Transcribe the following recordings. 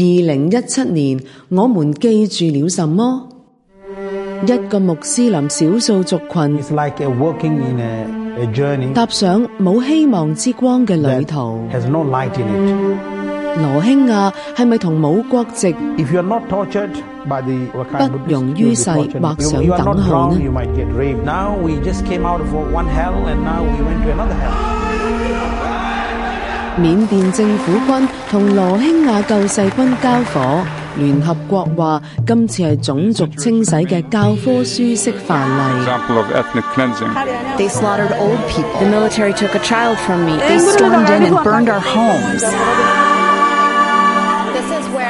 二零一七年，我們記住了什麼？一個穆斯林少數族群踏上冇希望之光嘅旅途。羅興亞係咪同冇國籍、不容於世或想等號呢？緬甸政府軍同羅興亞救世軍交火，聯合國話今次係種族清洗嘅教科書式範例。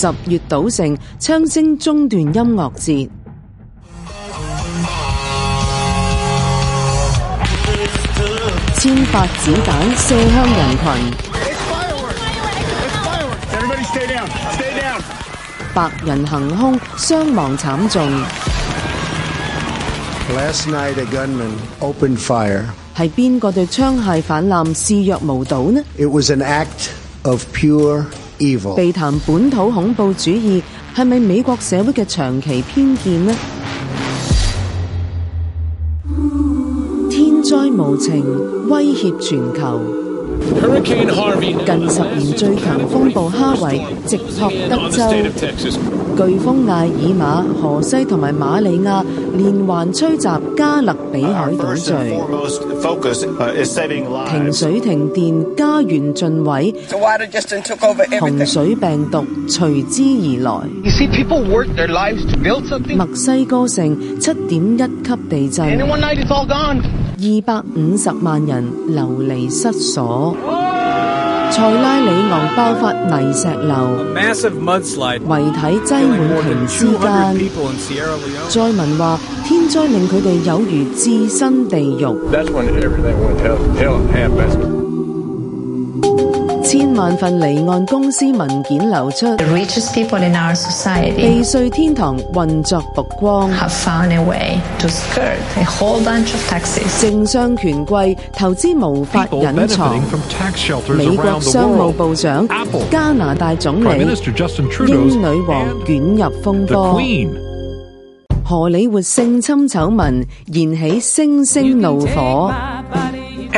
十月賭城槍聲中斷音樂節，千發子彈射向人群，白人行凶，傷亡慘重。係邊個對槍械泛濫視若無睹呢？被談本土恐怖主義係咪美國社會嘅長期偏見呢？天災無情，威脅全球。近十年最強風暴哈維直撲德州，颶風艾爾瑪、河西同埋瑪里亞連環吹襲加勒比海島嶼，停水停電，家園盡毀，洪水病毒隨之而來。墨西哥城七點一級地震。二百五十萬人流離失所，oh!，塞拉利昂爆發泥石流，遺體擠滿田之間，災民話天災令佢哋有如置身地獄。千萬份離岸公司文件流出，避稅天堂運作曝光，政商權貴投資無法隱藏，美國商務部長、加拿大總理、英女王捲入風波，荷里活性侵醜聞燃起星星怒火。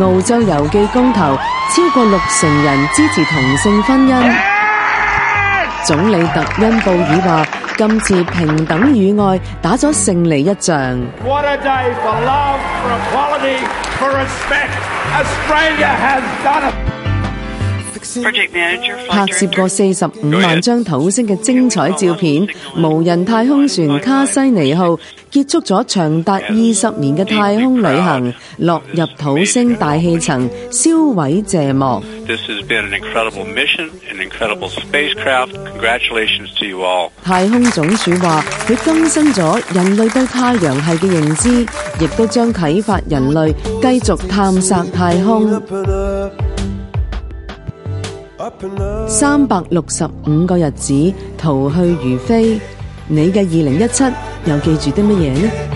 澳洲郵寄公投，超過六成人支持同性婚姻。總理特恩布爾話，今次平等與愛打咗勝利一仗。Yes! 拍攝過四十五萬張土星嘅精彩照片，無人太空船卡西尼號結束咗長達二十年嘅太空旅行，落入土星大氣層，銷毀謝幕。太空總署話，佢更新咗人類對太陽系嘅認知，亦都將啟發人類繼續探索太空。三百六十五個日子，逃去如飛。你嘅二零一七，又記住啲乜嘢呢？